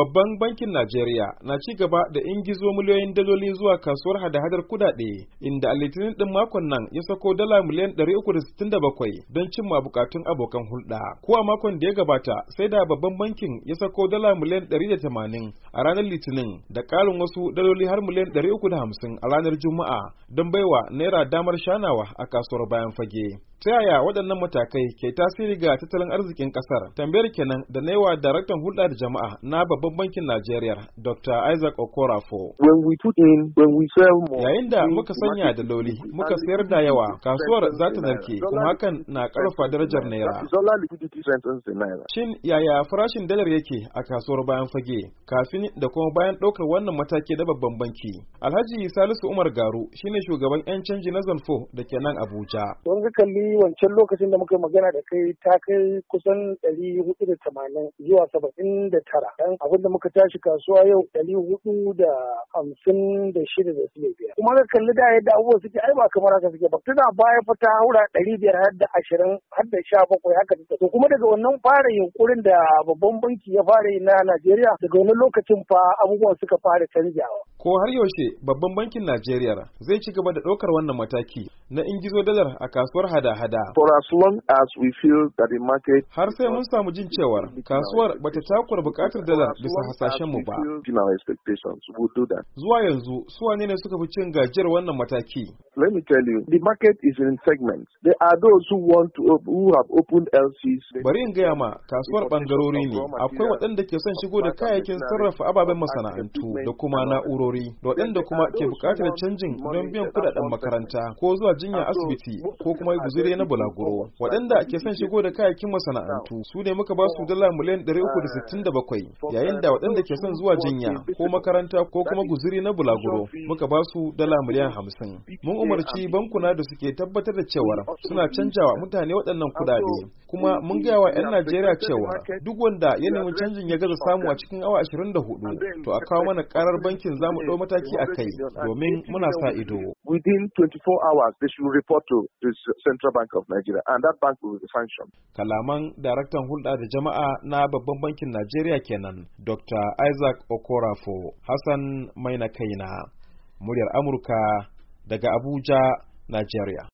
Babban bankin Najeriya na ci gaba da ingizo miliyoyin daloli zuwa kasuwar hada-hadar kudade, inda a litinin ɗin makon nan ya sako dala miliyan 367 don cimma bukatun abokan hulɗa. Ko a makon da ya gabata sai da babban bankin ya sako dala miliyan 180 a ranar litinin da ƙarin wasu daloli har miliyan 350 a ranar Juma'a don baiwa naira damar shanawa a kasuwar bayan fage. ta yaya waɗannan matakai ke tasiri ga tattalin arzikin ƙasar tambayar kenan da na yi daraktan hulɗa da jama'a na babban babban bankin Najeriya Dr. Isaac Okorafo. Yayin da muka sanya da loli muka sayar da yawa kasuwar za ta narke kuma hakan na karfa darajar naira. Shin yaya farashin dalar yake a kasuwar bayan fage kafin da kuma bayan ɗaukar wannan mataki da babban banki? Alhaji Salisu Umar Garu shine shugaban 'yan canji na Zanfo da ke nan Abuja. don ga kalli wancan lokacin da muka magana da kai ta kai kusan 480 zuwa 79 dan abu wanda muka tashi kasuwa yau ɗari hudu da hamsin da shida da suke biyar. Kuma ka kalli da yadda abubuwa suke ai ba kamar haka suke ba. Tuna baya fa ta haura ɗari biyar har da ashirin har da sha bakwai haka ta To kuma daga wannan fara yunkurin da babban banki ya fara yi na Najeriya daga wani lokacin fa abubuwan suka fara canjawa. Ko har yaushe babban bankin Najeriya zai ci gaba da ɗaukar wannan mataki na ingizo dalar a kasuwar hada-hada. For as long as we feel that the market... Har sai mun samu jin cewar kasuwar bata takura buƙatar dalar bisa hasashen mu ba. Zuwa yanzu, su wane ne suka fi cin gajiyar wannan mataki? Let me tell you, the market is in segments. There are those who want to who have opened LCs. Bari in gaya ma, kasuwar ɓangarori ne. Akwai waɗanda ke son shigo da kayayyakin sarrafa ababen masana'antu da kuma na'urori, da waɗanda kuma ke buƙatar canjin don biyan kuɗaɗen makaranta ko zuwa jinya asibiti ko kuma guzure na bulaguro. Waɗanda ke son shigo da kayayyakin masana'antu su ne muka ba su dala miliyan ɗari uku da sittin bakwai, yayin yayin da waɗanda ke son zuwa jinya ko makaranta ko kuma guzuri na bulaguro muka ba su dala miliyan hamsin mun umarci bankuna da suke tabbatar da cewa suna canjawa mutane waɗannan kuɗaɗe kuma mun gaya wa 'yan najeriya cewa duk wanda ya nemi canjin ya gaza samu a cikin awa ashirin hudu to a kawo mana karar bankin za mu ɗau mataki a kai domin muna sa ido within 24 hours they report to the Central of Nigeria Kalaman daraktan hulɗa da jama'a na babban bankin Najeriya kenan Dr. Isaac Okorafo Hassan Maina Kaina, muryar Amurka daga Abuja, Najeriya.